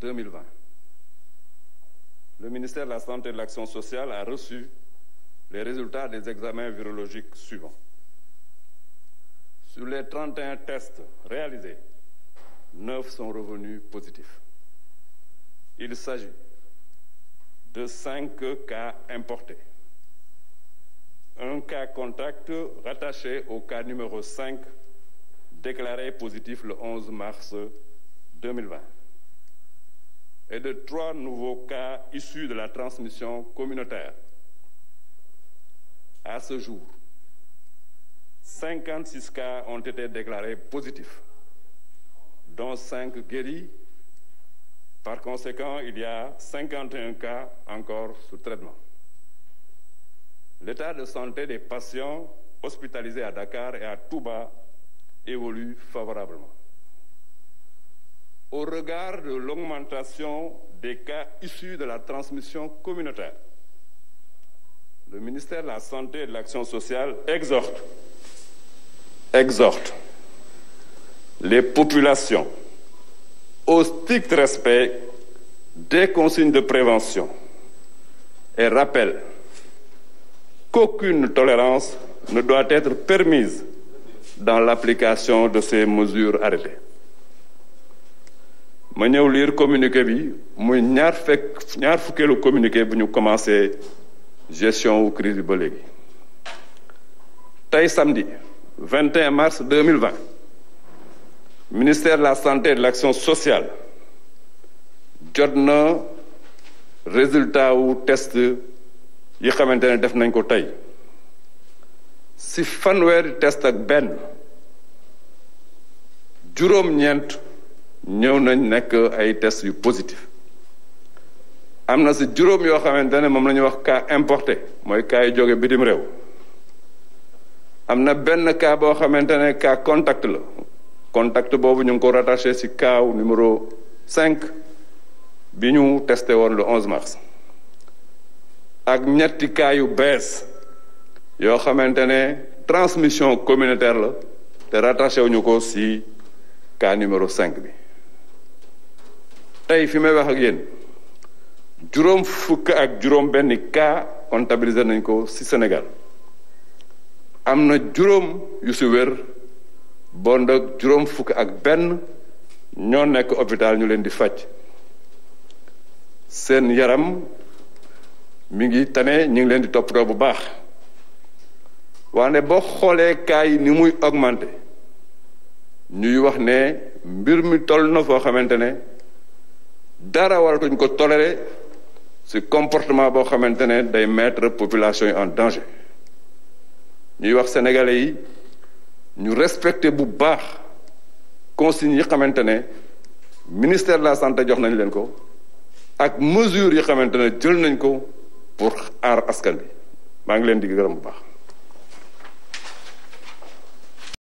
2020. Le ministère de la Santé et de l'Action sociale a reçu les résultats des examens virologiques suivants. Sur les 31 tests réalisés, 9 sont revenus positifs. Il s'agit de cinq cas importés. Un cas contact rattaché au cas numéro 5 déclaré positif le 11 mars 2020. et de trois nouveaux cas de la transmission communautaire. À ce jour, 56 cas ont été déclarés positifs, dont 5 guéris. Par conséquent, il y a 51 cas encore sous traitement. de santé des patients hospitalisés à Dakar à Touba évolue favorablement. au regard de l'augmentation des cas issus de la transmission communautaire. Le ministère de la Santé et de l'Action sociale exhorte, exhorte les populations au strict respect des consignes de prévention et rappelle qu'aucune tolérance ne doit être permise dans l'application de ces mesures arrêtées. ma ñëw liir communiqué bi muy ñaar fekk ñaar fukkeelu communiqué bu ñu commencé gestion wu crise bi ba léegi tey samedi 21 mars 2020 ministère de la santé et de l'action sociale jot na résultat wu test yi xamante ne def nañ ko tey si fanweeri test ak benn juróom-ñeent ñëw nañ nekk ay test yu positif am na si juróom yoo xamante ne moom la ñuy wax kaa importé mooy cas yu jóge bitim réew am na benn cas boo xamante ne cas contact la contact boobu ñu ngi ko rattaché si cas numéro 5 bi ñu testé woon le 11 ak ñetti cas bees yoo xamante ne transmission communautaire la te rattaché wuñu ko si cas numéro 5 bi tey fi may wax ak yéen juróom fukk ak juróom benn cas comptabilisé nañ ko ci Sénégal am na juróom yu ci wér bon nag juróom fukk ak benn ñoo nekk hôpital ñu leen di faj seen yaram mi ngi tame ñu ngi leen di toppatoo bu baax waane boo xoolee kaa yi ni muy augmenté ñuy wax ne mbir mi toll na foo xamante ne dara waratuñ ko tolere ci comportement boo xamante ne day mettre population yi en danger ñuy wax sénégalais yi ñu respecter bu baax consignes yi xamante ne ministère la santé jox nañ leen ko ak mesures yi xamante ne jël nañ ko pour aar askan bi maa ngi leen di gërëm bu baax.